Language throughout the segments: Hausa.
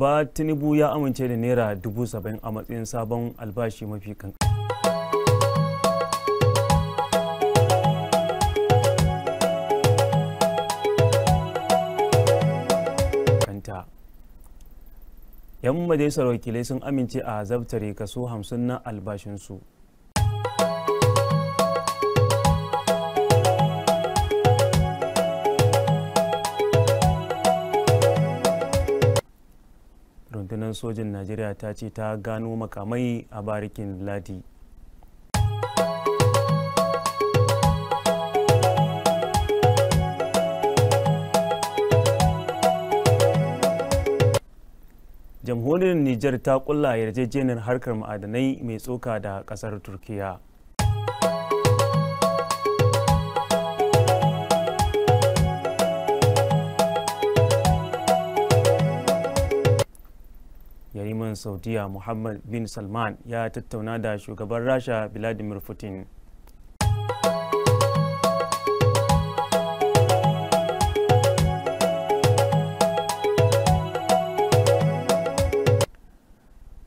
shugaba tinubu ya amince da naira dubu saba'in a matsayin sabon albashi mafi kan yan majalisar wakilai sun amince a zabtare kaso hamsin na albashinsu rundunar sojin najeriya ta ce ta gano makamai a barikin ladi jamhuriyar niger ta kulla yarjejeniyar harkar ma'adanai mai tsoka da kasar turkiya sarkin saudiya muhammad bin salman ya tattauna da shugaban rasha vladimir putin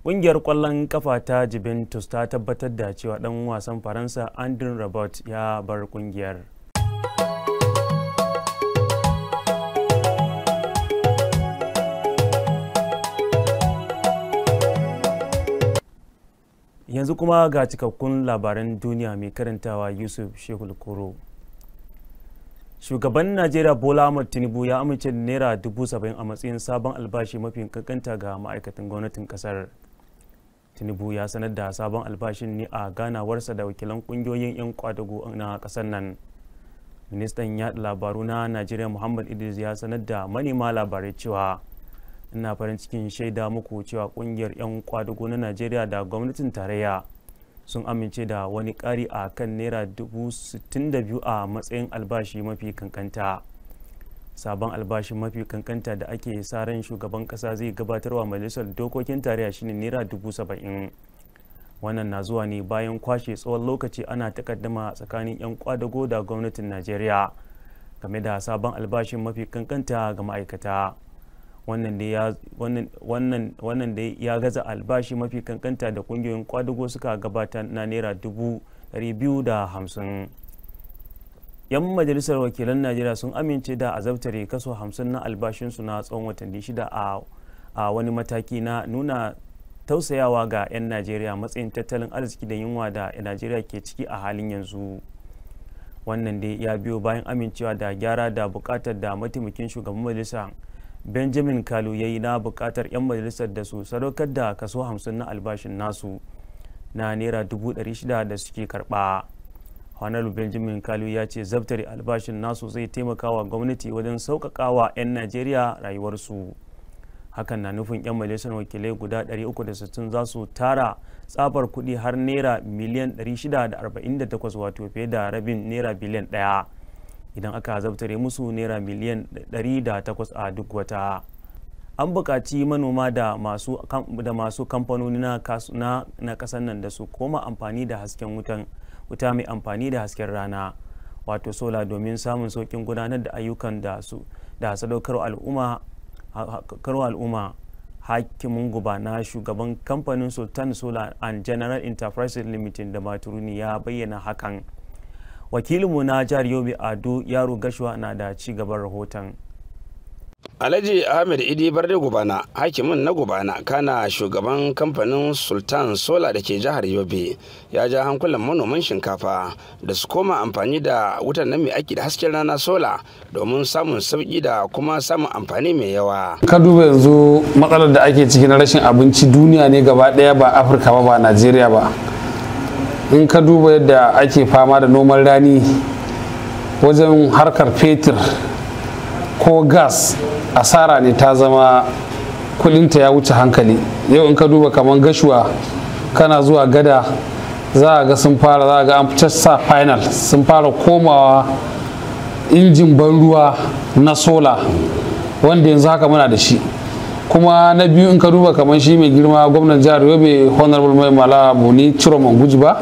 Ƙungiyar ƙwallon kafa ta Juventus ta tabbatar da cewa ɗan wasan Faransa Andrew robert ya bar ƙungiyar. yanzu kuma ga cikakkun labaran duniya mai karantawa yusuf shehul koro shugaban najeriya bola ahmad tinubu ya amince naira dubu saba'in a matsayin sabon albashi mafi kankanta ga ma'aikatan gwamnatin kasar tinubu ya sanar da sabon albashin ne a ganawarsa da wakilan kungiyoyin 'yan kwadago na kasar nan ministan yaɗa labaru na najeriya muhammad idris ya sanar da manema labarai cewa ina farin cikin shaida muku cewa kungiyar 'yan kwadugo na najeriya da gwamnatin tarayya sun amince da wani ƙari a kan naira biyu a matsayin albashi mafi kankanta sabon albashi mafi kankanta da ake sa ran shugaban kasa zai gabatarwa majalisar dokokin tarayya shine naira dubu saba'in wannan na zuwa ne bayan kwashe tsawon lokaci ana takaddama tsakanin 'yan kwadago da gwamnatin najeriya game da sabon albashin mafi kankanta ga ma'aikata. wannan da ya gaza albashi mafi kankanta da kungiyoyin kwadugo suka gabata na naira dubu biyu da hamsin yan majalisar wakilan najeriya sun amince da azabtare kaso hamsin na albashinsu na tsawon watanni shida a wani mataki na nuna tausayawa ga 'yan najeriya matsayin tattalin arziki da yunwa da najeriya ke ciki a halin yanzu wannan dai ya biyo bayan amincewa da gyara da bukatar da mataimakin shugaban majalisa benjamin kalu ya yi na bukatar 'yan majalisar da su sadaukar da kaso 50 na albashin nasu na naira 600 da suke karba honaru benjamin kalu ya ce zabtare albashin nasu zai taimaka wa gwamnati wajen wa 'yan najeriya rayuwarsu hakan na nufin 'yan majalisar wakilai guda 360 za su tara tsabar kuɗi har naira miliyan 648 wato fiye da rabin naira biliyan ɗaya. idan aka zabtare musu naira miliyan 108 a duk wata an buƙaci manoma da masu kamfanoni na ƙasar nan da su koma amfani da hasken wutan wuta mai amfani da hasken rana wato sola domin samun sauƙin gudanar da ayyukan da su da sadaukar al'umma hakimin guba na shugaban kamfanin sultan solar and general enterprises limited da maturuni ya bayyana hakan wakilinmu na jihar yobe ado yaro gashuwa na da ci gaban rahoton Alhaji Ahmed Idi Barde Gubana, hakimin na Gubana, kana shugaban kamfanin Sultan Sola da ke jihar Yobe, ya ja hankulan manoman shinkafa da su koma amfani da wutan nan mai aiki da hasken rana sola domin samun sauki da kuma samun amfani mai yawa. Ka duba yanzu matsalar da ake ciki na rashin abinci duniya ne gaba ɗaya ba Afirka ba ba Najeriya ba. in ka duba yadda ake fama da noman rani wajen harkar fetur ko gas asara ne ta zama kudinta ya wuce hankali yau in ka duba kamar gashuwa kana zuwa gada za a ga sun fara za a ga an sa final sun fara komawa injin ban ruwa na sola wanda yanzu haka muna da shi kuma na biyu in ka duba kamar shi mai girma gwamnan jihar yobe honorable mai mala buni ciro manguji ba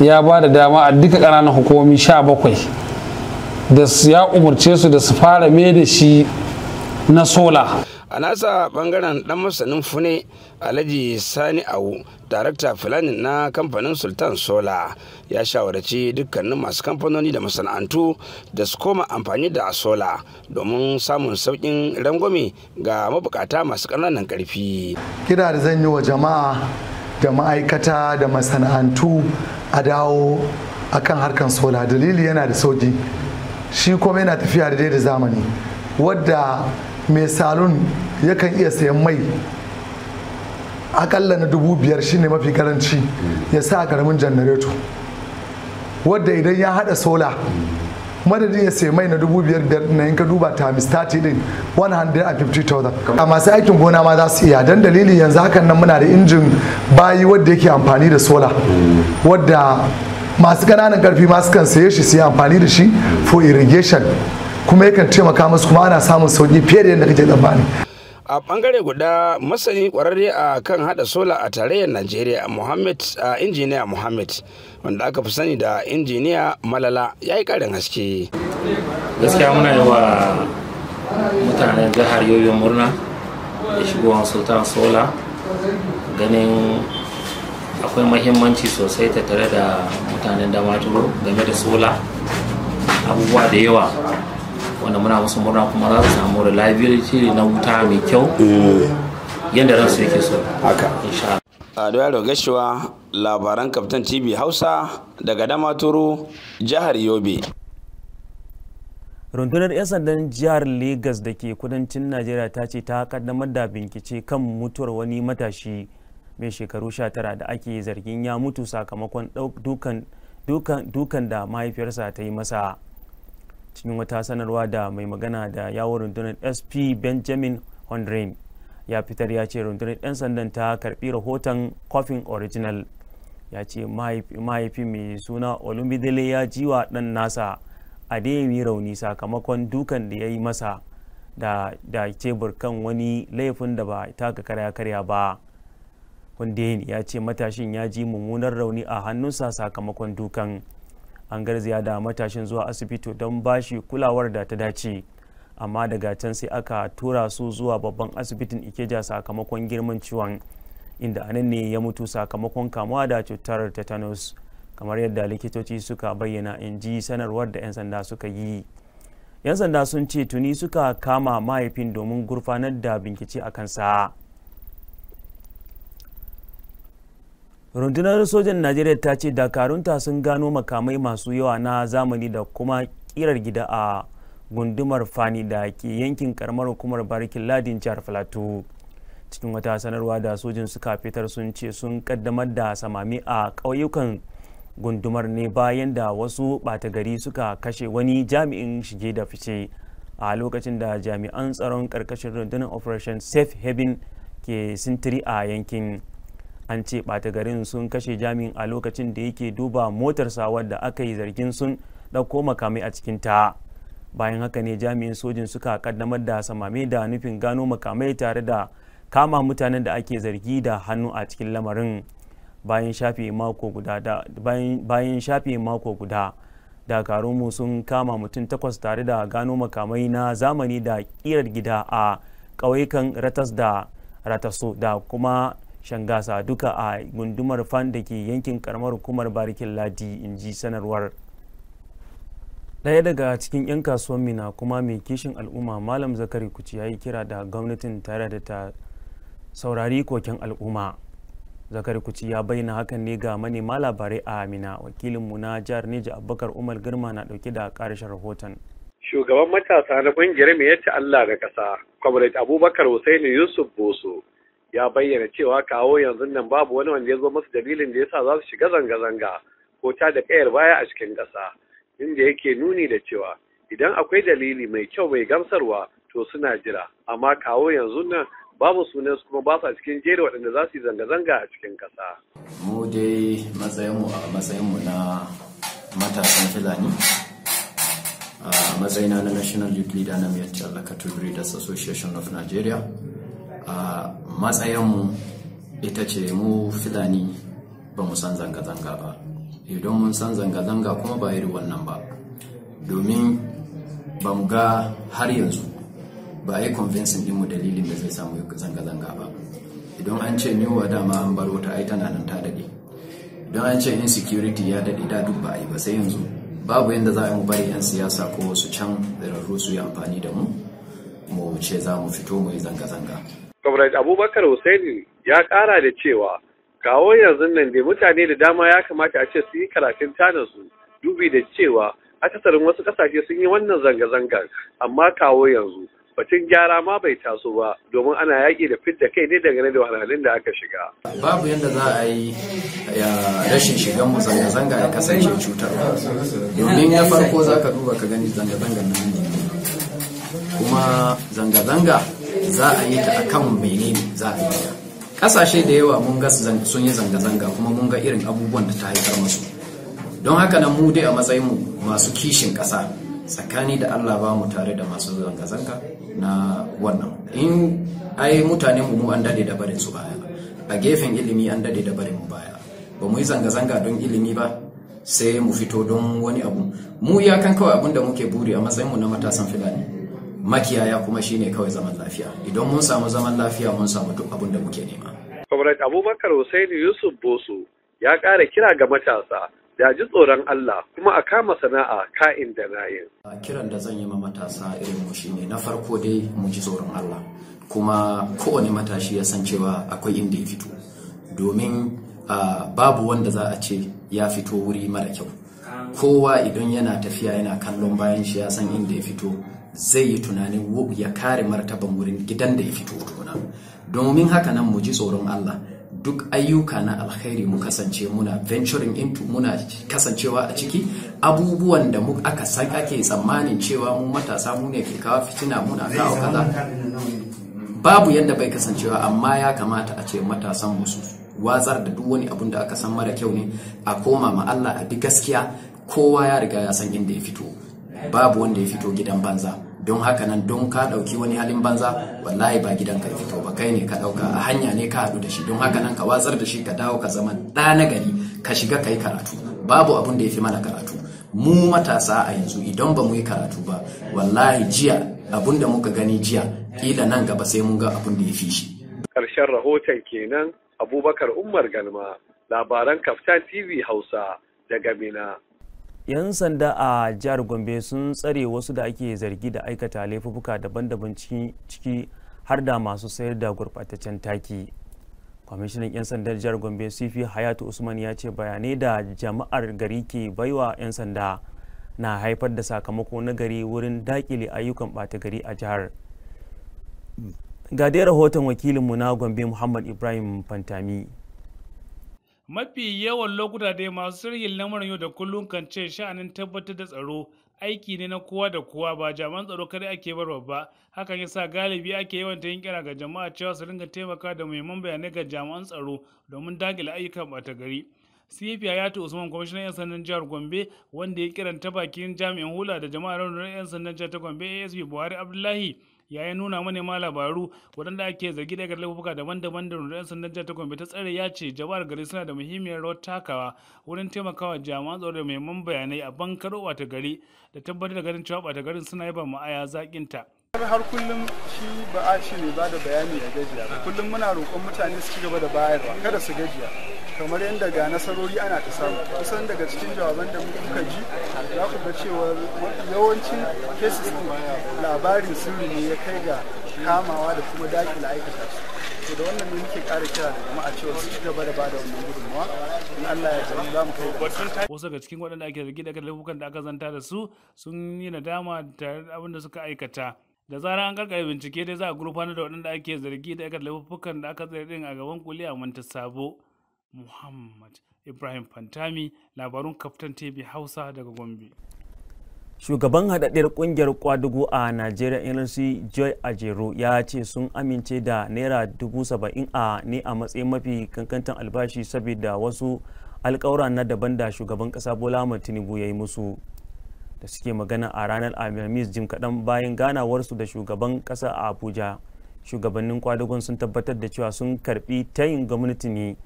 ya ba da dama a duka ƙananan hukumomi sha bakwai da ya umarce su da su fara mai da shi na sola a nasa bangaren dan masanin fune alhaji sani awu darakta fulani na kamfanin sultan sola ya shawarci dukkanin masu kamfanoni da masana'antu da su koma amfani da sola domin samun sauƙin rangwame ga mabukata masu ƙananan ƙarfi kira da zan yi wa jama'a da ma'aikata da masana'antu a dawo akan harkar sola dalili yana da sauƙi shi kuma yana tafiya da da zamani wadda mai salon yakan iya sayan mai akalla na dubu biyar shine mafi karanci ya sa karamin janareto wadda idan ya hada sola madadin ya sai mai na dubu biyar na yanka duba ta 30 din 150,000 a masu aikin gona ma za su iya don dalili yanzu hakan nan muna da injin bayi wadda yake amfani da sola wadda masu ƙananan karfi masu kan saye shi su yi amfani da shi for irrigation kuma yakan taimaka musu kuma ana samun sauki fiye da yadda kake tsammani a bangare guda masani kwararre a kan hada sola a tarayyar najeriya muhammad a injiniya muhammad wanda aka fi sani da injiniya malala ya yi karin haske gaskiya muna yi wa mutanen jihar yoyo murna da shigowar sultan sola ganin akwai mahimmanci sosai tattare da mutanen damaturu game da sola abubuwa da yawa wanda muna musu murna kuma za su samu reliability na wuta mai kyau eh. yadda su yake so haka insha Ado Yaro Gashuwa labaran kaftan TV Hausa daga Damaturu jihar Yobe. rundunar 'yan sandan jihar Legas da ke kudancin Najeriya ta ce ta kaddamar da bincike kan mutuwar wani matashi mai shekaru 19 da ake zargin ya mutu sakamakon dukan da mahaifiyarsa ta yi masa. cikin wata sanarwa da mai magana da yawon rundunar sp benjamin hondrain ya fitar ya ce rundunar 'yan sandan ta karbi rahoton kofin original ya ce mahaifi mai suna olumidele ya ji wa dan nasa a yi rauni sakamakon dukan da ya yi masa da da tebur kan wani laifin da ba taka karya karya ba hundayin ya ce matashin ya ji mummunar rauni a hannunsa sakamakon dukan an garziya da matashin zuwa asibiti don bashi kulawar da ta dace amma daga can sai aka tura su zuwa babban asibitin ikeja sakamakon girman ciwon inda anan ne ya mutu sakamakon kamuwa da cutar tetanus kamar yadda likitoci suka bayyana in ji sanarwar da 'yan sanda suka yi 'yan sanda sun ce tuni suka kama mahaifin domin gurfanar da bincike a kansa. rundunar sojan najeriya ta ce dakarunta sun gano makamai masu yawa na zamani da kuma kirar gida a gundumar fani da ke yankin karamar hukumar barikin ladin jihar filato cikin wata sanarwa da sojin suka fitar sun ce sun kaddamar da samami a ƙauyukan gundumar ne bayan da wasu ɓata gari suka kashe wani jami'in shige da fice a lokacin da jami'an tsaron ƙarƙashin rundunar operation safe haven ke sintiri a yankin an ce ɓata garin sun kashe jami'in a lokacin da yake duba motarsa wadda aka yi zargin sun ɗauko makamai a cikin ta bayan haka ne jami'in sojin suka kaddamar da samame da nufin gano makamai tare da kama mutanen da ake zargi da hannu a cikin lamarin bayan shafe mako guda da bayan shafe dakarunmu sun kama mutum takwas tare da gano makamai na zamani da kirar gida a ƙauyukan ratas da rataso da kuma shangasa duka a gundumar fan da ke yankin karamar hukumar barikin ladi in ji sanarwar daya daga cikin 'yan kasuwan mina kuma mai kishin al'umma malam zakari kuci ya yi kira da gwamnatin tare da ta saurari koken al'umma zakari kuci ya bayyana hakan ne ga manema labarai a mina wakilinmu na jihar neja abubakar umar girma na dauke da karshen rahoton shugaban matasa na kungiyar mai yace allah da kasa comrade abubakar husaini yusuf boso ya bayyana cewa kawo yanzu nan babu wani wanda ya zo masu dalilin da yasa za su shiga zanga-zanga ko ta da kayar baya a cikin ƙasa inda yake nuni da cewa idan akwai dalili mai kyau mai gamsarwa to suna jira amma kawo yanzu nan babu sunan kuma ba cikin jere waɗanda za su yi zanga-zanga a cikin ƙasa. mu dai matsayinmu a matsayinmu na matasan filani, a matsayina na national youth leader na miyar tallaka to breeders association of nigeria a matsayinmu ita ce mu filani ba mu san zanga-zanga ba idan mun san zanga-zanga kuma ba iri wannan ba domin ba mu ga har yanzu ba yi convincing mu dalilin da zai samu zanga-zanga ba idan an ce newa dama an bar wata ai tana nan ta daɗe idan an ce insecurity ya daɗe da duk ba a yi ba sai yanzu babu yadda za a mu bari 'yan siyasa ko wasu can tsirarru su yi amfani da mu mu ce za mu fito mu yi zanga-zanga Comrade Abubakar Hussaini ya kara da cewa kawo yanzu nan da mutane da dama ya kamata a ce su yi karatun tanansu dubi da cewa akasarin wasu ƙasashe sun yi wannan zanga-zangar amma kawo yanzu batun gyara ma bai taso ba domin ana yaƙi da fidda kai ne dangane da wahalhalun da aka shiga. Babu yadda za a yi rashin shigan mu zanga-zanga ya kasance cutar, Domin ya farko za ka duba ka gani zanga-zangar nan ne. kuma zanga-zanga za a yi ta a kan menene za a yi ta ƙasashe da yawa mun ga sun yi zanga-zanga kuma mun ga irin abubuwan da ta haifar masu don haka nan mu dai a matsayinmu masu kishin ƙasa tsakani da allah ba mu tare da masu zanga-zanga na wannan in ai mutane mu an dade da barin su baya a gefen ilimi an dade da barin mu baya ba mu yi zanga-zanga don ilimi ba sai mu fito don wani abu mu iyakan kawai abin da muke buri a matsayinmu na matasan filani makiyaya kuma shine kawai zaman lafiya idan mun samu zaman lafiya mun samu duk abin da muke nema Comrade Abubakar hussaini Yusuf Bosu ya ƙara kira ga matasa da ji tsoron Allah kuma a kama sana'a ka'in da nayin. Kiran da zan yi ma matasa irin mu shine na farko dai mu ji tsoron Allah kuma kowane matashi ya san cewa akwai inda ya fito domin babu wanda za a ce ya fito wuri mara kyau kowa idan yana tafiya yana kallon bayan shi ya san inda ya fito zai yi tunanin ya kare martaban wurin gidan da ya fito tuna domin haka nan mu ji tsoron Allah duk ayyuka na alkhairi mu kasance muna venturing into muna kasancewa a ciki abubuwan da mu aka san ake tsammanin cewa mu matasa mu ne ke kawo fitina muna kawo kaza babu yadda bai kasancewa amma ya kamata a ce matasan musu watsar da duk wani abun da aka san mara kyau ne a koma ma Allah a bi gaskiya kowa ya riga ya san inda ya fito babu wanda ya fito gidan banza don haka nan don ka ɗauki wani halin banza wallahi ba gidan ka fito ba kai ne ka ɗauka a hanya ne ka haɗu da shi don haka nan ka watsar da shi ka dawo ka zama da na gari ka shiga ka karatu babu abun da ya fi mana karatu mu matasa a yanzu idan ba mu yi karatu ba wallahi jiya abun da muka gani jiya kila nan gaba sai mun ga abun da ya fi shi karshen rahoton kenan abubakar umar galma labaran kaftan tv hausa daga mina 'yan sanda a jihar gombe sun tsare wasu da ake zargi da aikata laifuka daban-daban ciki har da masu sayar da gurɓataccen taki kwamishinan 'yan sandar jihar gombe sifi hayatu usman ya ce bayanai da jama'ar gari ke baiwa 'yan sanda na haifar da sakamako na gari wurin dakile ayyukan ɓata gari a jihar ga dai rahoton wakilinmu na gombe muhammad ibrahim fantami mafi yawan lokuta dai masu sirhin lamarin yau da kullum kan ce sha'anin tabbatar da tsaro aiki ne na kowa da kowa ba jaman tsaro kada ake bar ba hakan yasa galibi ake yawan ta yin kira ga jama'a cewa su ringa taimaka da muhimman bayanai ga jami'an tsaro domin dakile ayyukan bata gari CPI ya ta usman kwamishinan 'yan sandan jihar gombe wanda ya kiranta bakin jami'in hula da jama'ar raunin 'yan sandan jihar ta gombe asb buhari abdullahi yayin nuna ma labaru waɗanda ake zargi daga laifuka daban-daban da rundunar sandan jihar ta gombe ta tsare ya ce jama'ar gari suna da muhimmiyar rawar takawa wurin taimakawa jami'an tsaro da bayanai a bankaro wata gari da tabbatar da ganin cewa ɓata garin suna yaba zakin ta har kullum shi ba a shi ne ba da bayani a gajiya kullum muna roƙon mutane su ci gaba da bayarwa kada su gajiya kamar yadda ga nasarori ana ta samu kusan daga cikin jawaban da muka ji za ku ga cewa yawancin cases labarin sirri ne ya kai ga kamawa da kuma dakila aikata su to da wannan ne muke kara kira da jama'a cewa su ci gaba da ba da wannan gudunmawa in Allah ya jami za mu kai wasu daga cikin waɗanda ake zargi daga laifukan da aka zanta da su sun yi nadama tare da abin da suka aikata da zarar an karkare bincike dai za a gurfanar da waɗanda ake zargi da aikata laifukan da aka zargi a gaban kuliya mantar sabo Muhammad Ibrahim Fantami labarun Kaftan TV Hausa daga Gombe. Shugaban haɗaɗɗiyar ƙungiyar kwadugu a Najeriya NLC Joy Ajero ya ce sun amince da Naira dubu saba'in a ne a matsayin mafi kankantan albashi saboda wasu alkawura na daban da shugaban ƙasa Bola Ahmed Tinubu ya yi musu. Da suke magana a ranar Alhamis jim kaɗan bayan ganawarsu da shugaban ƙasa a Abuja. Shugabannin kwadugun sun tabbatar da cewa sun karɓi tayin gwamnati ne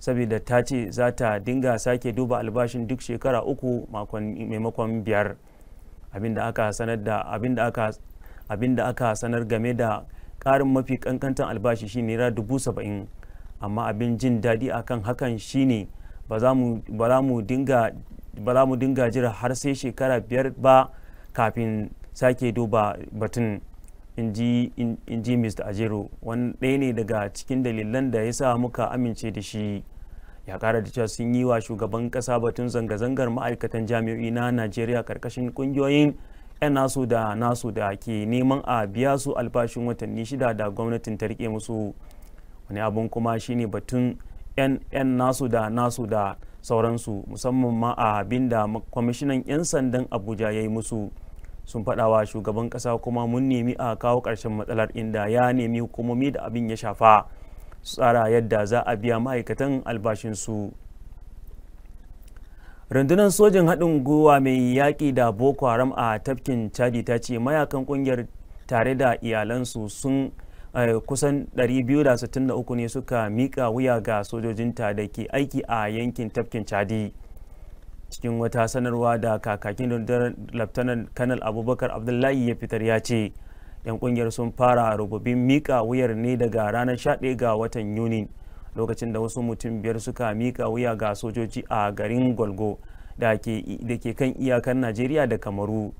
saboda ta ce za ta dinga sake duba albashin duk shekara uku maimakon biyar abin da aka sanar game da karin mafi kankantan albashi shi naira dubu saba'in amma abin jin daɗi akan hakan shine ba za mu dinga jira har sai shekara biyar ba kafin sake duba batun in ji mr ajero wani ɗaya ne daga cikin dalilan da ya sa muka amince da shi ya kara da cewa sun yi wa shugaban kasa batun zanga-zangar ma'aikatan jami'o'i na najeriya karkashin kungiyoyin 'yan nasu da nasu da ke neman a biya su albashin watanni shida da gwamnatin ta rike musu wani abun kuma shine batun 'yan nasu da nasu da sauransu musamman ma a abin da kwamishinan 'yan sandan abuja ya yi musu sun faɗawa shugaban ƙasa kuma mun nemi a kawo ƙarshen matsalar inda ya nemi hukumomi da abin ya shafa su tsara yadda za a biya ma'aikatan albashinsu rundunar sojin haɗin gwiwa mai yaƙi da boko haram a tafkin chadi ta ce mayakan ƙungiyar tare da iyalansu sun eh, kusan 263 ne suka mika wuya ga sojojinta da ke aiki a yankin tafkin chadi cikin wata sanarwa da kakakin rundunar laftanan kanal abubakar abdullahi ya fitar ya ce yan kungiyar sun fara rububin mika wuyar ne daga ranar 11 ga watan yuni lokacin da wasu mutum biyar suka mika wuya ga sojoji a garin golgo da ke kan iyakar najeriya da kamaru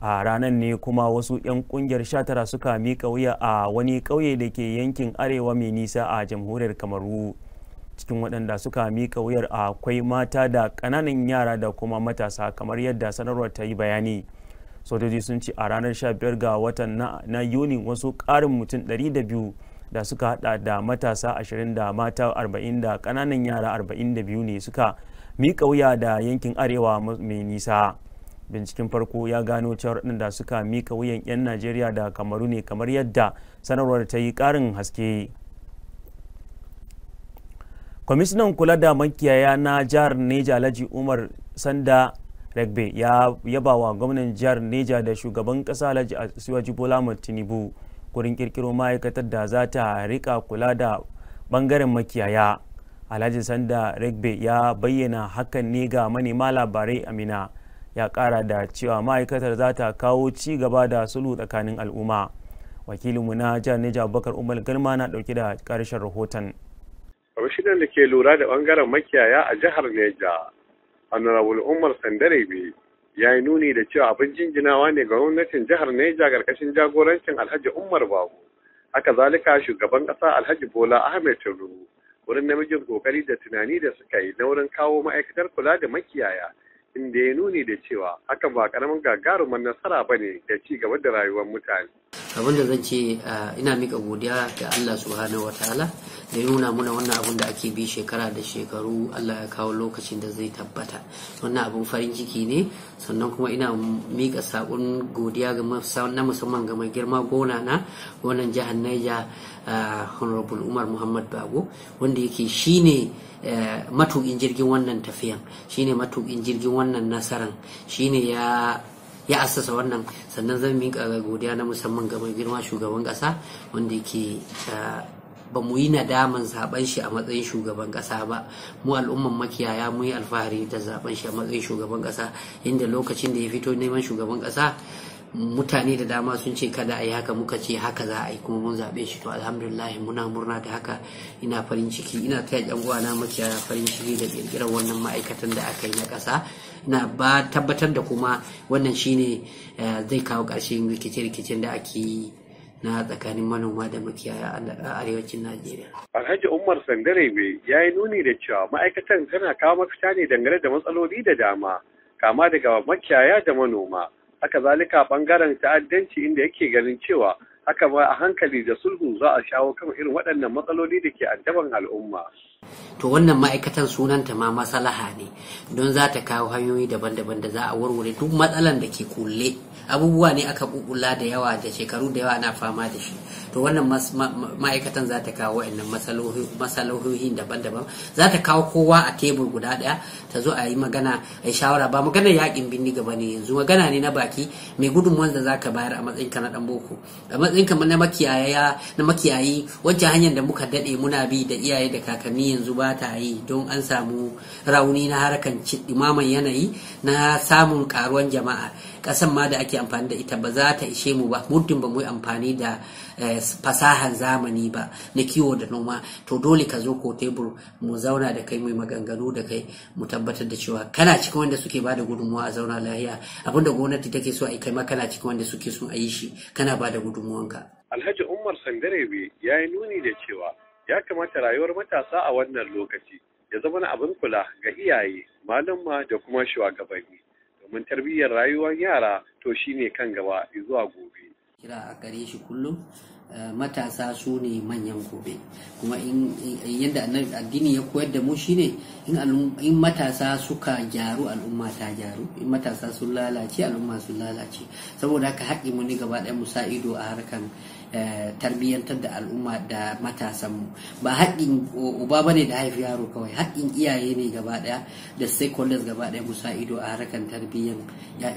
a ranar ne kuma wasu 'yan kungiyar 19 suka mika wuya a wani ƙauye da ke yankin arewa mai nisa a jamhuriyar kamaru cikin waɗanda suka mika wuyar akwai mata da ƙananan yara da kuma matasa kamar yadda sanarwar ta yi bayani sojoji sun ce a ranar 15 ga watan na yuni wasu ƙarin mutum 200 da suka hada da matasa 20 da mata 40 da ƙananan yara 42 ne suka mika wuya da yankin arewa mai nisa binciken farko ya gano cewar da suka mika wuyan 'yan najeriya da kamaru ne kamar yadda sanarwar ta yi ƙarin haske kwamishinan kula da makiyaya na jihar neja alhaji umar sanda regbe ya yaba wa gwamnan jihar neja da shugaban kasa alhaji siwaji bola tinubu gurin kirkiro ma'aikatar da za ta rika kula da bangaren makiyaya alhaji sanda regbe ya bayyana hakan ne ga manema labarai amina ya kara da cewa ma'aikatar za ta kawo ci gaba da sulhu tsakanin al'umma wakilinmu na jihar neja abubakar umar galma na dauke da karshen rahoton kwamishinan da ke lura da bangaren makiyaya a jihar neja honorable umar sandarebe ya yi nuni da cewa abin jinjinawa ne ga gwamnatin jihar neja karkashin jagorancin alhaji umar babu haka zalika shugaban ƙasa alhaji bola ahmed tinubu wurin namijin kokari da tunani da suka yi na wurin kawo ma'aikatar kula da makiyaya inda ya nuni da cewa haka ba karamin gagarumar nasara ba ne da ci gaba da rayuwar mutane. abin da zan ce ina mika godiya ga Allah subhanahu ta'ala da ya nuna muna wannan abun da ake bi shekara da shekaru Allah ya kawo lokacin da zai tabbata wannan abun farin ciki ne sannan kuma ina mika sakon godiya ga na musamman ga mai girma gona na gonan jihar Niger Honorable Umar Muhammad Bago wanda yake shine Eh, matukin jirgin wannan tafiyan shine matukin jirgin wannan nasaran shine ya ya assasa wannan sannan zan minka godiya na musamman ga mai girma shugaban ƙasa wanda ke eh, ba mu yi nadaman zaben shi a matsayin shugaban ƙasa ba mu al'umman makiyaya mu yi alfahari da zaben shi a matsayin shugaban ƙasa inda lokacin da ya fito neman shugaban ƙasa. mutane da dama sun ce kada a yi haka muka ce haka za a yi kuma mun zaɓe shi to alhamdulillah muna murna da haka ina farin ciki ina taya yan uwana mace farin ciki da ƙirƙirar wannan ma'aikatan da aka yi na ƙasa na ba tabbatar da kuma wannan shine eh, zai kawo ƙarshen rikice-rikicen da ake yi na tsakanin manoma da makiyaya a arewacin Najeriya. Alhaji Umar Sangarebe ya yi nuni da cewa ma'aikatan tana kawo mafita ne dangane da matsaloli da dama kama daga makiyaya da manoma. haka zalika bangaren ta'addanci inda yake ganin cewa haka ma a hankali da sulhu za a shawo kan irin waɗannan matsaloli da ke addaban al'umma to wannan ma'aikatan sunanta ma masalaha ne don za ta kawo hanyoyi daban-daban da za a warware duk matsalan da ke kulle abubuwa ne aka bubula da yawa da shekaru da yawa na fama da shi to wannan ma'aikatan za ta kawo wa'annan masalohi daban-daban za ta kawo kowa a tebur guda daya ta zo a yi magana a yi shawara ba magana yakin bindi gaba ne yanzu magana ne na baki mai gudun wanda za ka bayar a matsayinka na dan boko a matsayinka na makiyayi wancan hanyar da muka daɗe muna bi da iyaye da kakanni yanzu ba ta yi don an samu rauni na harkan ɗumaman yanayi na samun karuwan jama'a kasan ma da ake amfani da ita ba za ta ishe mu ba muddin ba mu yi amfani da eh, fasahan zamani ba na kiwo da noma to dole ka zo ko tebur mu zauna da kai mu maganganu da kai mu tabbatar da cewa kana cikin wanda suke ba da gudunmuwa a zauna lahiya abinda gwamnati take so a yi kai ma kana cikin wanda suke so a yi shi kana ba da gudunmuwanka. Alhaji Umar Sangarebe ya yi nuni da cewa ya kamata rayuwar matasa a wannan lokaci ya zama na abin kula ga iyaye malamma, da kuma shugabanni domin tarbiyyar rayuwar yara to shine kan gaba zuwa gobe kira a gare shi kullum Eh, matasa su ne manyan gobe kuma in yadda addini ya koyar da mu shine in matasa suka gyaru al'umma ta gyaru in matasa sun lalace al'umma sun lalace saboda haka haƙi mu ne gaba ɗaya mu sa ido a harkan eh, tarbiyyantar da al'umma da matasanmu ba haƙin uba ba ne da haifi yaro kawai haƙin iyaye ne gaba ɗaya da stakeholders gaba ɗaya mu sa ido a harkan tarbiyyan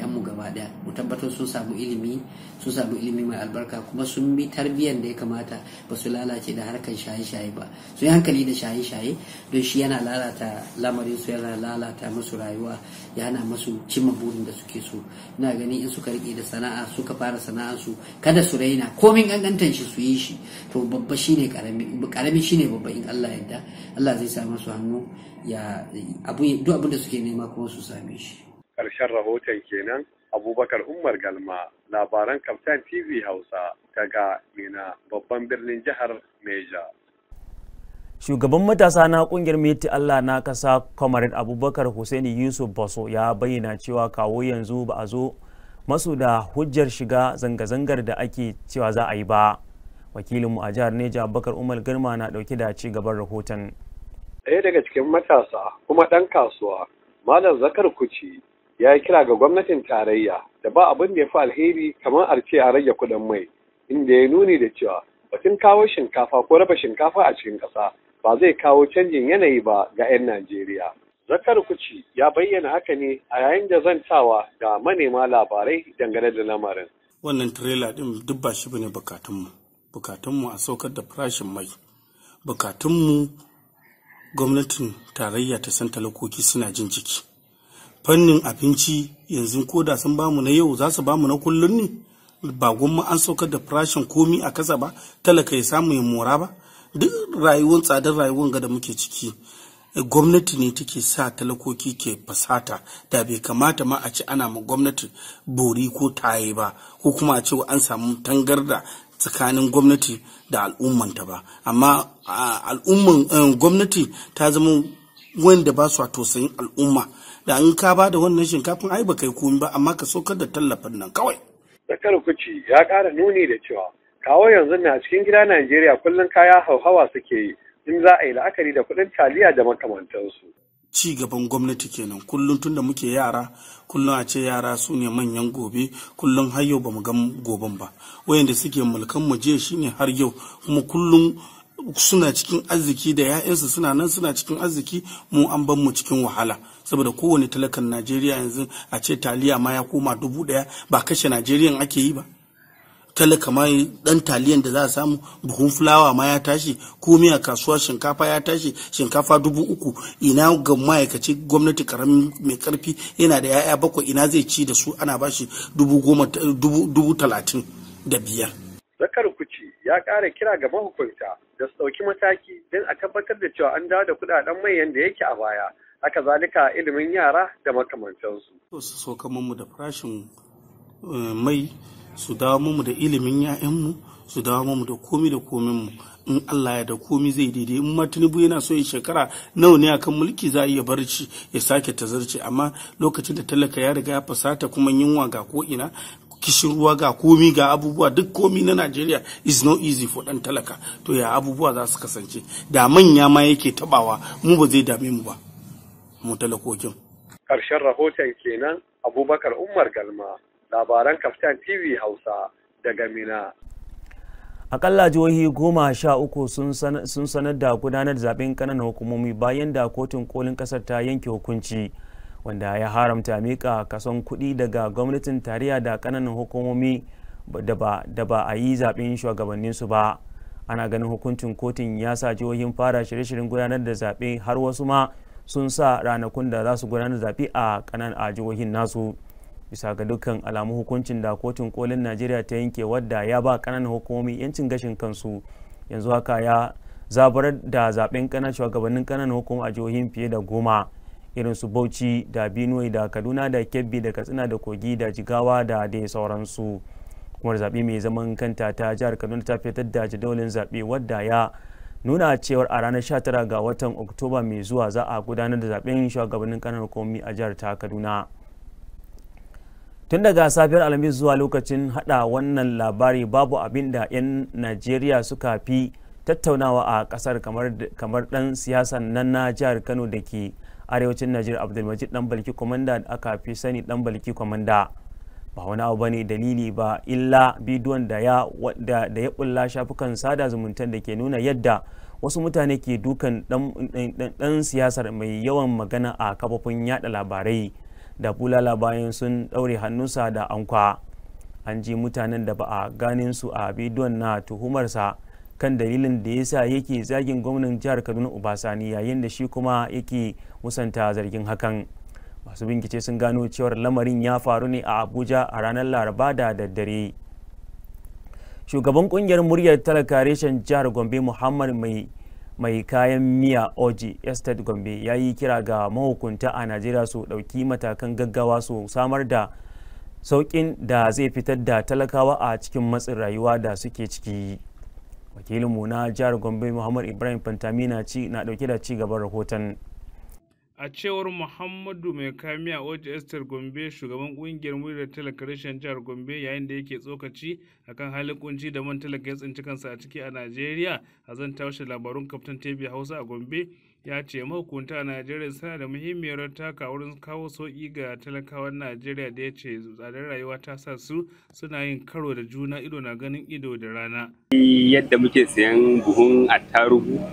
mu gaba ɗaya mu tabbatar sun samu ilimi sun samu ilimi mai albarka kuma sun bi tarbiyya tarbiyyar da ya kamata ba su lalace da harkar shaye-shaye ba su yi hankali da shaye-shaye don shi yana lalata lamarin su yana lalata musu rayuwa ya hana musu cimma burin da suke so ina gani in suka rike da sana'a suka fara sana'a su kada su raina komin kankantan shi su yi shi to babba shine karami karami shine babba in Allah yarda Allah zai sa musu hannu ya abu duk abin da suke nema kuma su same shi karshen rahoton kenan Abubakar Umar Galma labaran Kaftan TV Hausa daga Mina babban birnin jihar Neja. Shugaban matasa na kungiyar Meti Allah na kasa Comrade Abubakar Hussaini Yusuf Baso ya bayyana cewa kawo yanzu ba a zo masu da hujjar shiga zanga-zangar da ake cewa za a yi ba. Wakilinmu a jihar Neja Abubakar Umar galma na dauke da ci gaban rahoton. Ɗaya daga cikin matasa kuma ɗan kasuwa Malam Zakar Kuci ya yi kira ga gwamnatin tarayya da ba abin da ya fi alheri kamar arce a rage kuɗin mai inda ya nuni da cewa batun kawo shinkafa ko raba shinkafa a cikin ƙasa ba zai kawo canjin yanayi ba ga 'yan Najeriya. Zakar Kuci ya bayyana haka ne a yayin da zantawa ga manema labarai dangane da lamarin. Wannan tirela ɗin duk ba shi bane bukatunmu. Bukatunmu a saukar da farashin mai. Bukatunmu gwamnatin tarayya ta san talakoki suna jin jiki. fannin abinci yanzu ko da sun bamu na yau za su bamu na kullum ne ba gwamma an saukar da farashin komi a kasa ba talaka ya samu ya mora ba duk rayuwar tsadar rayuwar ga da muke ciki gwamnati ne take sa talakoki ke fasata da bai kamata ma a ci ana ma gwamnati bori ko taye ba ko kuma a ce an samu tangarda tsakanin gwamnati da al'ummanta ba amma al'umman eh, gwamnati ta zama wanda ba su tausayin al'umma da an ka ba da wannan shinkafin ai ba kai komi ba amma ka saukar da tallafin nan kawai. Zakar kuci ya kara nuni da cewa kawo yanzu ne a cikin gida Najeriya kullum kaya hauhawa suke yi in za a yi la'akari da kuɗin taliya da makamantansu. ci gaban gwamnati kenan kullum tunda muke yara kullum a ce yara su ne manyan gobe kullum har yau mu gan goben ba wayanda suke mulkan mu jiya shine har yau kuma kullum suna cikin arziki da 'ya'yansu suna nan suna cikin arziki mu an ban mu cikin wahala saboda kowane talakan najeriya yanzu a ce taliya ma ya koma dubu daya ba kashe najeriyan ake yi ba talaka ma dan taliyan da za a samu buhun fulawa ma ya tashi ko a kasuwa shinkafa ya tashi shinkafa dubu uku ina ga ma'aikaci gwamnati karamin mai karfi yana da 'ya'ya bakwai ina zai ci da su ana bashi dubu talatin da biyar ya ƙara kira ga mahukunta da su ɗauki mataki don a tabbatar da cewa an dawo da kuɗaɗen mai yadda yake a baya haka zalika ilimin yara da makamantansu. su sauka mu da farashin eh, mai su dawo mu da ilimin 'ya'yanmu su dawo mu da komi da komin mu in Allah ya da komi zai daidai in ma Tinubu yana so ya shekara nawa ne akan mulki za a iya barci ya sake tazarci amma lokacin da talaka ya riga ya fasata kuma yunwa ga ko ina kishirwa ga komi ga abubuwa duk komi na Najeriya is no easy for dan talaka to ya abubuwa za su kasance da manya ma yake tabawa mu ba zai dame mu ba mu talakokin karshen rahoton kenan Abubakar Umar Galma labaran Kaftan TV Hausa daga Mina akalla jihohi goma sha uku sun sanar da gudanar zaben kananan hukumomi bayan da kotun kolin kasar ta yanke hukunci wanda ya haramta mika kason kuɗi daga gwamnatin tarayya da kananan hukumomi da ba a yi zaɓen shugabanninsu ba ana ganin hukuncin kotun ya sa jihohin fara shirye-shiryen gudanar da zaɓe har wasu ma sun sa ranakun da za su gudanar zaɓe a kanan a jihohin nasu bisa ga dukkan alamu hukuncin da kotun kolin najeriya ta yanke wadda ya ba kananan hukumomi yancin gashin kansu yanzu haka ya zabar da zaɓen kanan shugabannin kananan hukuma a jihohin fiye da goma irin su bauchi da benue da kaduna da kebbi da katsina da kogi da jigawa da dai sauransu kuma zaɓe mai zaman kanta ta jihar kaduna ta fitar da jadawalin zaɓe wadda ya nuna cewar a ranar 19 ga watan oktoba mai zuwa za a gudanar da zaɓen shugabannin kanar komi a jihar ta kaduna tun daga safiyar alhamis zuwa lokacin hada wannan labari babu abin da 'yan najeriya suka fi tattaunawa a kasar kamar dan siyasa nan na jihar kano da ke arewacin najeriya abdulmajid dan balki komanda aka fi sani dan balki komanda ba wani abu bane dalili ba illa bidiyon da ya da, ya bulla shafukan sada zumuntan da ke nuna yadda wasu mutane ke dukan dan siyasar mai yawan magana a kafofin yada labarai da bulala bayan sun daure hannunsa da ankwa an ji mutanen da ba a ganin su a bidiyon na tuhumarsa kan dalilin da yasa yake zagin gwamnan jihar kaduna ubasani yayin da shi kuma yake musanta zargin hakan masu bincike sun gano cewar lamarin ya faru ne a abuja a ranar laraba da daddare shugaban kungiyar muryar talaka reshen jihar gombe muhammad mai kayan miya oji estate gombe ya yi kira ga mahukunta a najeriya su dauki matakan gaggawa su samar da saukin da zai fitar da talakawa a cikin matsin rayuwa da suke ciki wakilinmu na jihar gombe muhammad ibrahim pantamina na ɗauke da ci gaban rahoton A cewar Muhammadu Mai Kamiya Oji esther Gombe shugaban kungiyar muryar talaka rashin jihar Gombe yayin da yake tsokaci akan halin kunci da man talaka ya tsinci kansa a ciki a Najeriya a zan tashi labarun kaftan TV Hausa a Gombe ya ce mahukunta a Najeriya suna da muhimmiyar taka wurin kawo sauki ga talakawan Najeriya da ya ce tsadar rayuwa ta sa su suna yin karo da juna ido na ganin ido da rana. Yadda muke sayan buhun attarugu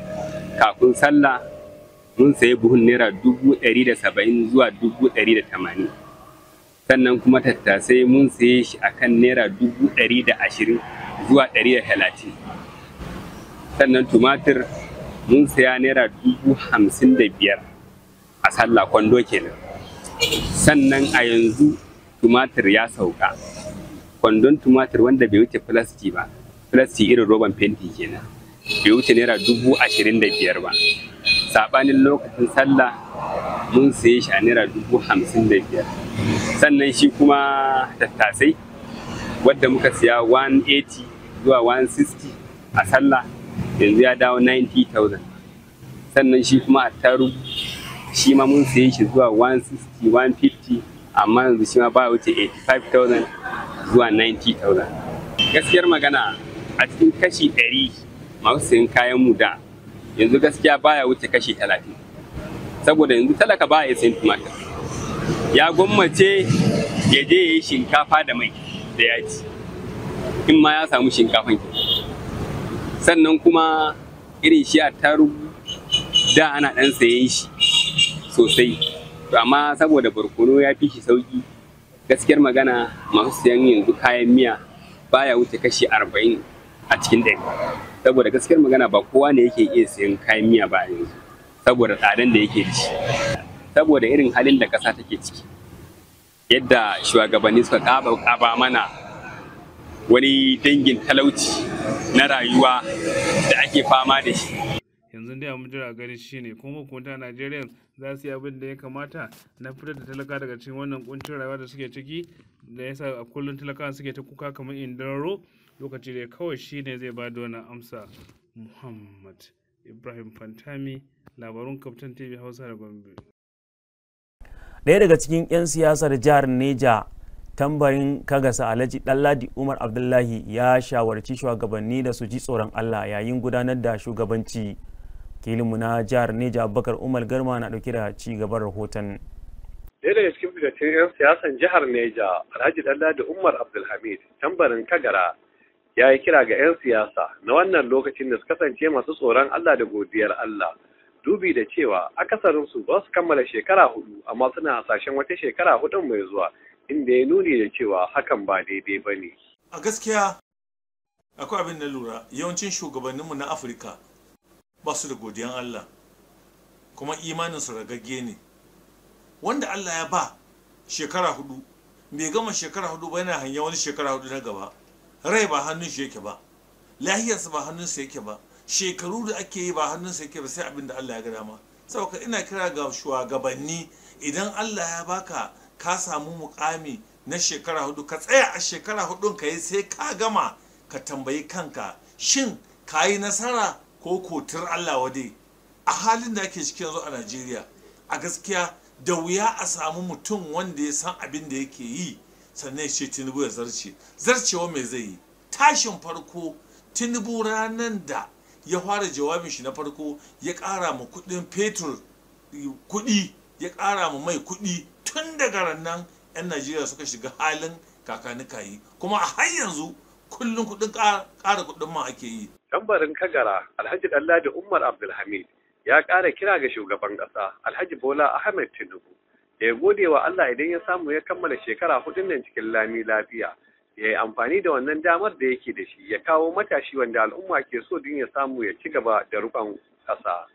kafin sallah mun sayi buhun naira dubu ɗari da saba'in zuwa dubu ɗari da tamanin sannan kuma tattasai mun saye shi a kan naira dubu ɗari da ashirin zuwa ɗari da talatin sannan tumatir mun saya naira dubu hamsin da biyar a sallah kwando kenan sannan a yanzu tumatir ya sauka kwandon tumatir wanda bai wuce plastic ba plastic irin roban fenti kenan bai wuce naira dubu ashirin da biyar ba saɓanin lokacin sallah mun sayi shi a naira dubu hamsin da biyar sannan shi kuma tattasai wadda muka siya 180 zuwa 160 a sallah yanzu ya dawo 90,000 sannan shi kuma attarugu shi ma mun sayi shi zuwa 160 150 amma yanzu shi ma ba wuce 85,000 zuwa 90,000 gaskiyar magana a cikin kashi 100 masu sayan kayan mu da yanzu gaskiya baya wuce kashi talatin saboda yanzu talaka ba ya sayin tumatir ya gwammace ya je ya yi shinkafa da mai da yaji in ma ya samu shinkafan ki sannan kuma irin shi a tarugu da ana ɗan sayen shi sosai to amma saboda barkono ya fi shi sauki gaskiyar magana masu sayan yanzu kayan miya baya wuce kashi arba'in a cikin ɗari saboda gaskiyar magana ba kowa ne yake iya sayan kayan miya ba yanzu saboda tsadan da yake da shi saboda irin halin da kasa take ciki yadda shugabanni suka kaba kaba mana wani dangin talauci na rayuwa da ake fama da shi yanzu dai mu jira gani shine kuma hukunta Najeriya za su yi abin da ya kamata na fitar da talaka daga cikin wannan kuncin rayuwa da suke ciki da yasa a kullum talakawa suke ta kuka kamar indaro lokaci da kawai shi ne zai ba da wannan amsa muhammad ibrahim fantami labarun kaftan tv hausa da gombe ɗaya daga cikin 'yan siyasar jihar neja tambarin kagasa alhaji ɗanladi umar abdullahi ya shawarci shugabanni da su ji tsoron allah yayin gudanar da shugabanci kilinmu na jihar neja bakar umar garma na ɗauke da ci gaban rahoton daya daga cikin fitattun 'yan siyasan jihar neja alhaji ɗanladi umar abdulhamid tambarin kagara ya yi kira ga 'yan siyasa na wannan lokacin da su kasance masu tsoron Allah da godiyar Allah dubi da cewa akasarinsu ba su kammala shekara hudu amma suna hasashen wata shekara hudun mai zuwa inda ya nuni da cewa hakan ba daidai ba ne. A gaskiya akwai abin da lura yawancin shugabanninmu na Afirka ba su da godiyan Allah kuma imaninsu ragagge ne. Wanda Allah ya ba shekara hudu bai gama shekara hudu ba yana hanya wani shekara hudu na gaba rai ba hannun shi yake ba lahiyarsa ba hannun sa yake ba shekaru da ake yi ba hannun hannunsa yake ba sai abin da Allah ya ga dama saboda ina kira ga shugabanni idan Allah ya baka ka samu mukami na shekara hudu ka tsaya a shekara hudun ka yi sai ka gama ka tambayi kanka shin ka yi nasara ko kotar Allah wade a halin da ake ciki yanzu a Najeriya a gaskiya da wuya a samu mutum wanda ya san abin da yake yi sannan ce tinubu ya zarce zarcewa mai zai yi tashin farko tinubu ranar da ya fara jawabin shi na farko ya kara ma kuɗin fetur eh, kudi ya kara ma mai kudi tun daga rannan 'yan najeriya suka shiga halin kakanika yi kuma a har yanzu kullum kudin kara kudin ma ake yi tambarin kagara alhaji ɗanladi umar abdulhamid ya ƙara kira ga shugaban ƙasa alhaji bola ahmed tinubu da ya gode wa Allah idan ya samu ya kammala shekara hudun nan cikin lami lafiya ya yi amfani da wannan damar da yake da shi ya kawo matashi wanda al'umma ke so din ya samu ya ci gaba da rukan ƙasa.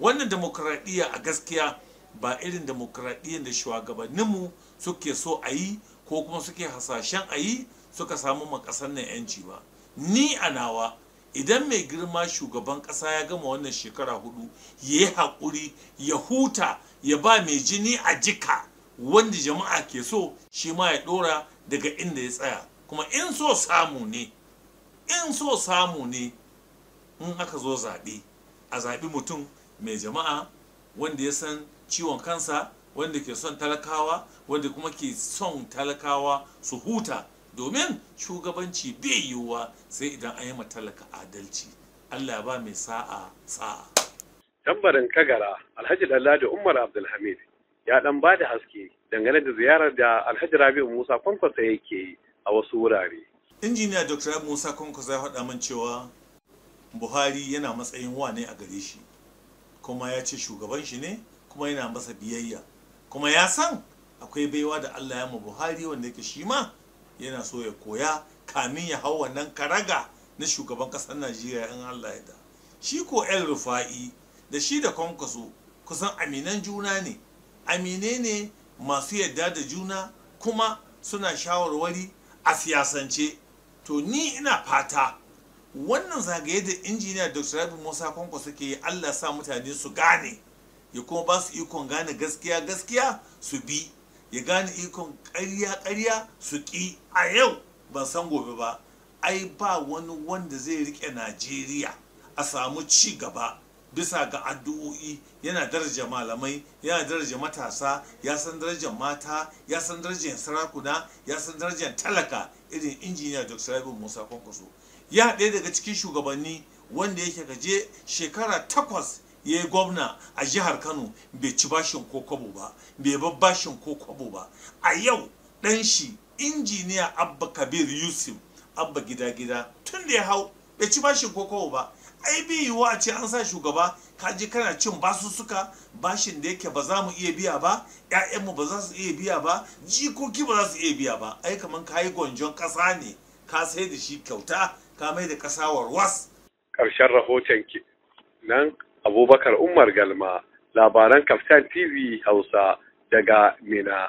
wannan demokuraɗiyya a gaskiya ba irin demokuraɗiyyar da shugabanninmu suke so a yi ko kuma suke hasashen a yi suka samu ma ƙasar nan yanci ba ni a nawa idan mai girma shugaban ƙasa ya gama wannan shekara hudu ya yi haƙuri ya huta ya ba mai jini a jika wanda jama'a ke so shi ma ya ɗora daga inda ya tsaya kuma in so samu ne in so samu ne in aka zo zaɓe a zaɓi mutum mai jama'a wanda ya san ciwon kansa wanda ke son talakawa wanda kuma ke son talakawa su huta domin shugabanci bai yiwuwa sai idan an yi matalaka adalci allah ba mai sa'a sa'a tambarin kagara alhaji lalladi umar abdulhamid ya dan ba da haske dangane da ziyarar da alhaji rabi'u musa kwankwasa yake a wasu wurare injiniya dr musa kwankwasa ya faɗa min cewa buhari yana matsayin wane a gare shi kuma ya ce shugaban shi ne kuma yana masa biyayya kuma ya san akwai baiwa da allah ya ma buhari wanda yake shi ma yana so ya koya kamin ya hau wannan karaga na shugaban ƙasar najeriya in allah ya da shi ko el rufa'i da shi da kwankwaso kusan aminan juna ne amine ne masu yadda da juna kuma suna shawarwari a siyasance to ni ina fata wannan zagaye da injiniya dr rabi musa kwankwa ke yi allah sa mutane su gane ya kuma ba su ikon gane gaskiya gaskiya su bi ya gane ikon karya ƙarya su ƙi a yau ban san gobe ba ai ba wani wanda zai rike najeriya a samu ci gaba bisa ga addu'o'i yana daraja malamai yana daraja matasa ya san darajar mata ya san darajar sarakuna ya san darajar talaka irin injiniya dr rabin musa kwankwaso ya ɗaya daga cikin shugabanni wanda yake gaje shekara takwas ya gwamna a jihar kano bai ci bashin ko kwabo ba bai bar bashin ko kwabo ba a yau ɗan shi injiniya abba kabir yusuf abba gida gida tun da ya hau bai ci bashin ko kwabo ba ai bi yiwuwa a ce an sa shugaba ka ji kana cin basussuka bashin da yake ba za mu iya biya ba ƴaƴanmu ba za su iya biya ba jikoki ba za su iya biya ba ai kamar ka yi gwanjon ƙasa ne ka sai da shi kyauta ka mai da ƙasa warwas ƙarshen rahoton ki nan Abubakar Umar Galma, labaran Kaftan TV Hausa daga Mina.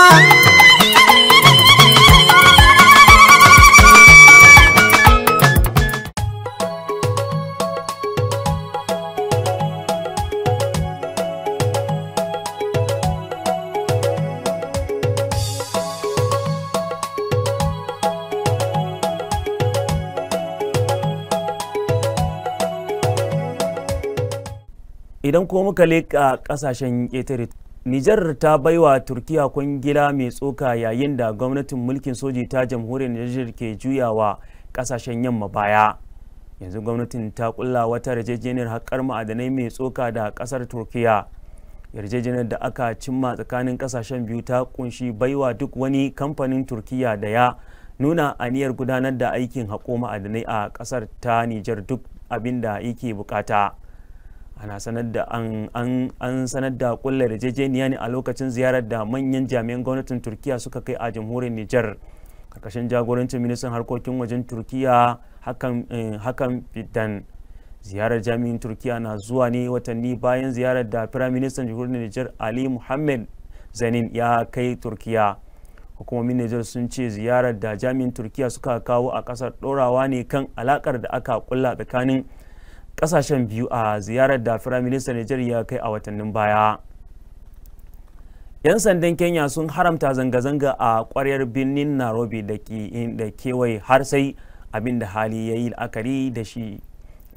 idan kuma muka leƙa ƙasashen ƙetare Nijar ta baiwa Turkiya kwangila mai tsoka yayin da gwamnatin mulkin soji ta jamhuriyar Nijar ke juyawa kasashen yamma baya. Yanzu gwamnatin ta kulla wata yarjejeniyar haƙar ma'adanai mai tsoka da ƙasar Turkiya. Yarjejeniyar da aka cimma tsakanin kasashen biyu ta kunshi baiwa duk wani kamfanin Turkiya da ya nuna aniyar gudanar da aikin haƙo ma'adanai a ƙasar ta Nijar duk abinda da yake buƙata. ana sanar da an sanar da kulla jejeniya ne a lokacin ziyarar da manyan jami'an gwamnatin turkiya suka kai a jamhuriyar nijar karkashin jagorancin ministan harkokin wajen turkiya hakan fitan eh, ziyarar jami'in turkiya na zuwa ne watanni bayan ziyarar da firaministan jamhuriyar nijar ali muhammad zanin ya kai turkiya hukumomin nijar sun ce ziyarar da jami'in turkiya suka kawo a kasar dorawa ne kan alakar da aka kulla tsakanin kasashen biyu a ziyarar da firaministan ya kai a watannin baya. 'Yan sandan Kenya sun haramta zanga-zanga a kwaryar birnin Nairobi da kewaye har sai abin da hali ya yi la'akari da shi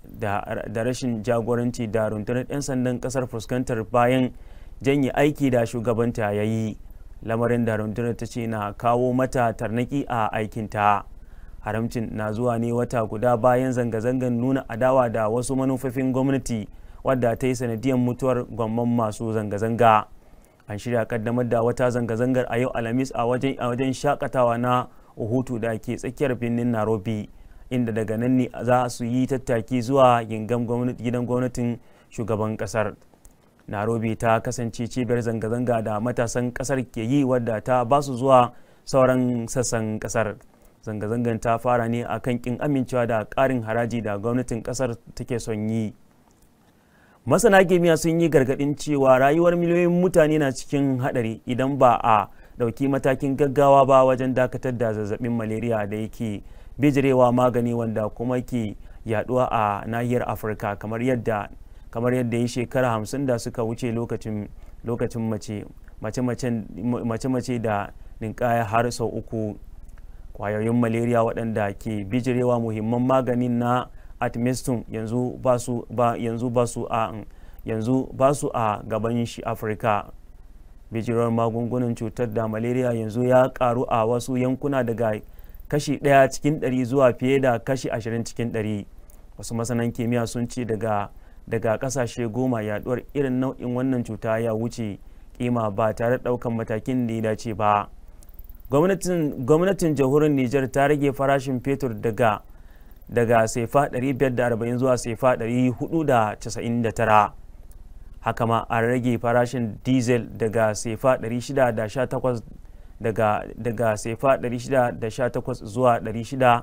da rashin jagoranci da rundunar 'yan sandan kasar fuskantar bayan janye aiki da shugabanta ya yi lamarin da rundunar ta ce na kawo mata tarnaki a aikinta. haramcin na zuwa ne wata guda bayan zanga-zangar nuna adawa da wasu manufofin gwamnati wadda ta yi sanadiyar mutuwar gwamman masu zanga-zanga an shirya kaddamar da wata zanga-zangar a yau alhamis a wajen shakatawa na uhutu da ke tsakiyar birnin narobi inda daga nan ne za su yi tattaki zuwa gingam gidan gwamnatin shugaban kasar narobi ta kasance cibiyar zanga-zanga da matasan kasar ke yi wadda ta basu zuwa sauran sassan kasar zanga-zangar ta fara ne a kan kin amincewa da ƙarin haraji da gwamnatin ƙasar take son yi masana kimiyya sun yi gargaɗin cewa rayuwar miliyoyin mutane na cikin haɗari idan ba a ɗauki matakin gaggawa ba wajen dakatar da zazzabin malaria da yake bijirewa magani wanda kuma ke yaduwa a nahiyar afirka kamar yadda kamar yadda ya shekara hamsin da suka wuce lokacin mace mace-mace da ninkaya har sau uku kwayoyin malaria waɗanda ke bijirewa muhimman maganin na atmestum yanzu ba su a yanzu ba su a gaban shi afirka bijirar magungunan cutar da malaria yanzu ya karu a wasu yankuna daga kashi ɗaya cikin ɗari zuwa fiye da kashi ashirin cikin ɗari wasu masanan kimiyya sun ce daga daga kasashe goma yaduwar irin nau'in wannan cuta ya wuce kima ba tare ɗaukan matakin da ya dace ba gwamnatin jamhuriyar niger ta rage farashin fetur daga daga saifa 540 zuwa saifa 499 haka ma an rage farashin diesel daga saifa 618 daga saifa 618 zuwa 600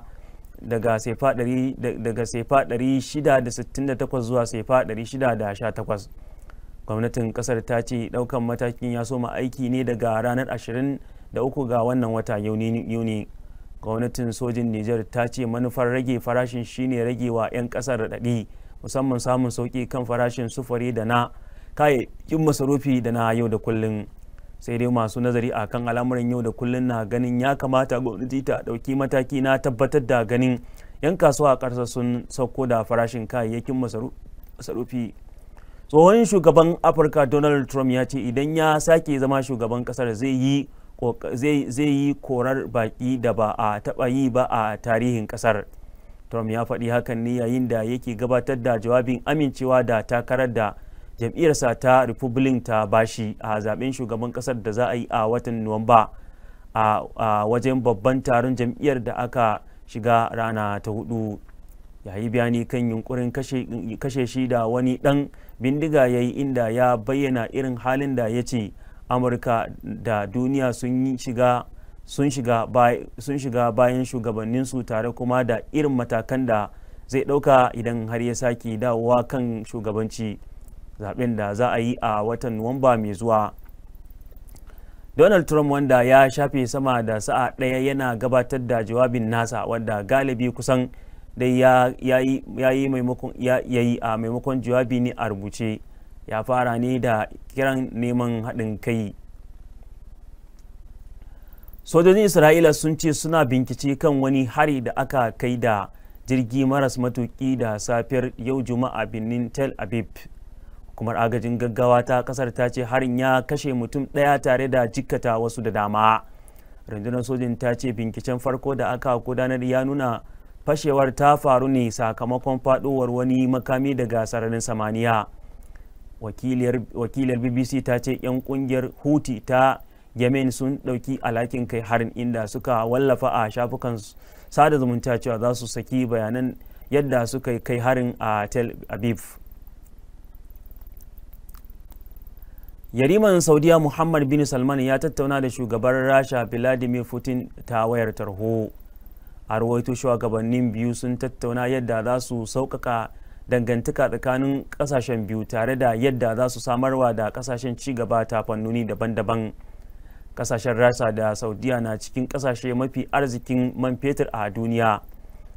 daga saifa 100 daga 668 zuwa saifa 618 gwamnatin kasar ta ce daukan matakin ya soma aiki ne daga ranar 20 da uku ga wannan wata yuni gwamnatin sojin niger ta ce manufar rage farashin shine rage wa 'yan kasar raɗaɗi musamman samun sauki kan farashin sufuri da na kayayyakin masarufi da na yau da kullun. sai dai masu nazari a kan al'amuran yau da kullun na ganin ya kamata gwamnati ta ɗauki mataki na tabbatar da ganin 'yan kasuwa a ƙasar sun sauko da farashin kayayyakin masarufi tsohon shugaban afirka donald trump ya ce idan ya sake zama shugaban ƙasar zai yi zai yi korar baki da ba a taɓa yi ba a tarihin ƙasar trump ya faɗi hakan ne yayin da yake gabatar da jawabin amincewa da takarar da jam'iyyarsa ta republican ta bashi a zaben shugaban ƙasar da za a yi a watan nuwamba a wajen babban taron jam'iyyar da aka shiga rana ta hudu ya yi bayani kan yunkurin kashe shi da wani ɗan bindiga ya yi inda ya bayyana irin halin da ya ce amurka da duniya sun shiga sun shiga bayan shugabanninsu tare kuma da irin matakan da zai ɗauka idan har ya sake dawowa kan shugabanci zaben da za a yi a watan nuwamba mai zuwa donald trump wanda ya shafe sama da sa'a ɗaya yana gabatar da jawabin nasa wanda galibi kusan dai ya yi a maimakon jawabi ne a rubuce ya fara ne da kiran neman haɗin kai sojojin isra'ila sun ce suna bincike kan wani hari da aka kai da jirgi maras matuki da safiyar yau juma'a birnin tel aviv kuma agajin gaggawa ta kasar ta ce harin ya kashe mutum ɗaya tare da jikkata wasu da dama rundunar sojin ta ce binciken farko da aka gudanar ya nuna fashewar ta faru ne sakamakon faɗowar wani makami daga sararin samaniya wakiliyar bbc ta ce 'yan kungiyar huti ta yemen sun dauki alakin kai harin inda suka wallafa a shafukan sada zumunta cewa za su saki bayanan yadda suka kai harin a tel aviv yariman saudiya muhammad bin salman ya tattauna da shugaban rasha vladimir putin ta wayar tarho a rawaito shugabannin biyu sun tattauna yadda za su sauƙaƙa dangantaka tsakanin kasashen biyu tare da yadda za su samarwa da kasashen cigaba ta fannoni daban-daban kasashen rasa da saudiya na cikin kasashe mafi arzikin man fetur a duniya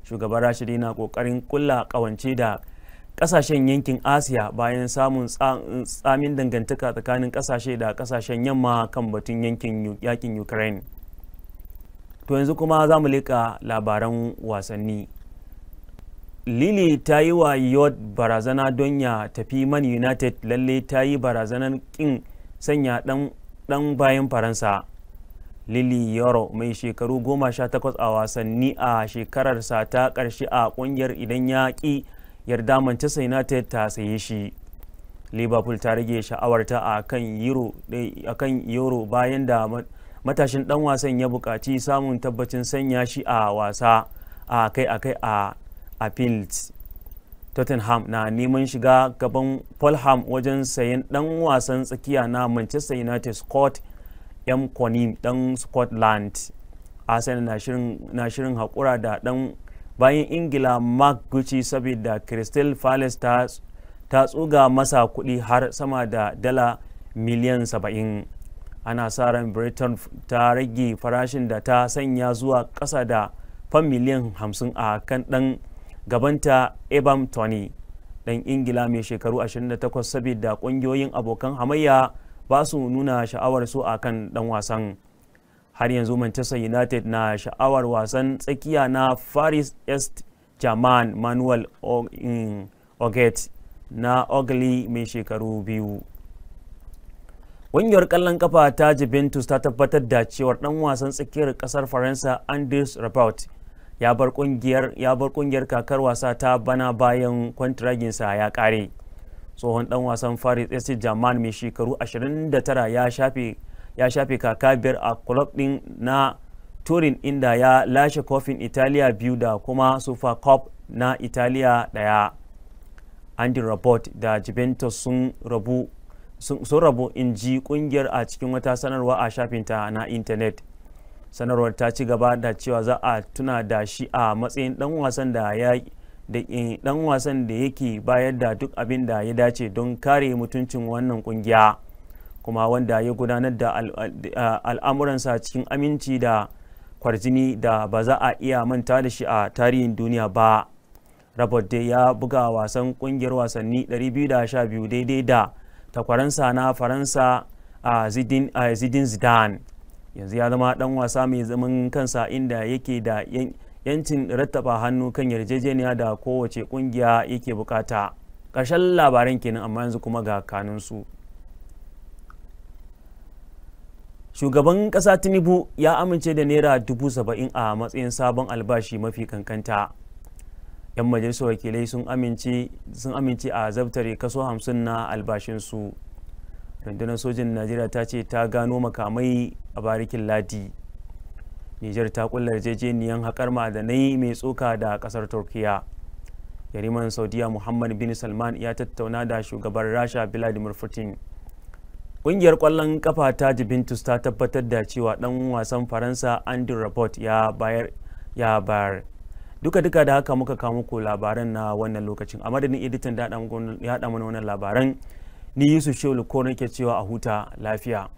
shugaban rasha dai na kokarin kulla kawance da kasashen yankin asiya bayan samun tsamin dangantaka tsakanin kasashe da kasashen yamma kan batun yankin yakin ukraine to yanzu kuma za mu leka labaran wasanni lili ta yi wa yod barazana don ya tafi man united lalle ta yi barazanar kin sanya dan bayan faransa lili yoro mai shekaru goma sha takwas a wasanni a shekararsa ta karshe a kungiyar idan ya ki yarda manchester united ta saye shi liverpool ta rage sha'awarta a kan euro eh, bayan da matashin dan wasan ya buƙaci samun tabbacin sanya shi a wasa a kai a kai a a fields tottenham na neman shiga gaban fulham wajen sayan dan wasan tsakiya na manchester united scott m conim dan scotland arsenal na shirin haƙura da dan bayan ingila mark gucci saboda crystal palace ta tsuga masa kuɗi har sama da dala miliyan 70 ana sa ran britain ta rage farashin da ta sanya zuwa ƙasa da fan miliyan 50 a kan ɗan gabanta Ebam Tony dan Ingila mai shekaru 28 saboda kungiyoyin abokan hamayya ba su nuna sha'awar su a kan dan wasan har yanzu Manchester United na sha'awar wasan tsakiya na faris Est German Manuel Oget mm, na Ogli mai shekaru biyu Ƙungiyar ƙallon kafa ta Juventus ta tabbatar da cewar ɗan wasan tsakiyar ƙasar Faransa Andres rapport ya bar kungiyar kakar wasa ta bana bayan kwantiraginsa ya kare tsohon dan wasan faris st jaman mai shekaru 29 ya shafe kaka biyar a club din na turin inda ya lashe kofin italiya biyu da kuma super cup na italiya daya andy robert da juventus sun rabu sun rabu in ji kungiyar a cikin wata sanarwa a shafinta na intanet sanarwar ta ci gaba da cewa za a tuna da shi a matsayin dan wasan da ya da eh, dan wasan da yake bayar da duk abin da ya dace don kare mutuncin wannan kungiya kuma wanda ya gudanar da al'amuransa cikin aminci da kwarjini da ba za a iya manta da shi a tarihin duniya ba rabot dai ya buga wasan kungiyar wasanni 212 daidai da takwaransa na faransa a zidin zidane yanzu ya zama dan wasa mai zaman kansa inda yake da yancin rattaba hannu kan yarjejeniya da kowace kungiya yake bukata ƙarshen labaran kenan amma yanzu kuma ga su. shugaban ƙasa tinubu ya amince da naira dubu saba'in a matsayin sabon albashi mafi kankanta 'yan majalisar wakilai sun amince a zabtare kaso hamsin na albashinsu rundunar sojin najeriya ta ce ta gano makamai a barikin ladi nijar ta kulla yarjejeniyar haƙar ma'adanai mai tsoka da ƙasar turkiya yariman saudiya muhammad bin salman ya tattauna da shugaban rasha vladimir putin ƙungiyar ƙwallon kafa ta juventus ta tabbatar da cewa ɗan wasan faransa andrew rapport ya bayar ya bayar duka duka da haka muka kawo muku labaran na wannan lokacin a madadin editan ya wannan labaran ni yusuf shehu ko nake cewa a huta lafiya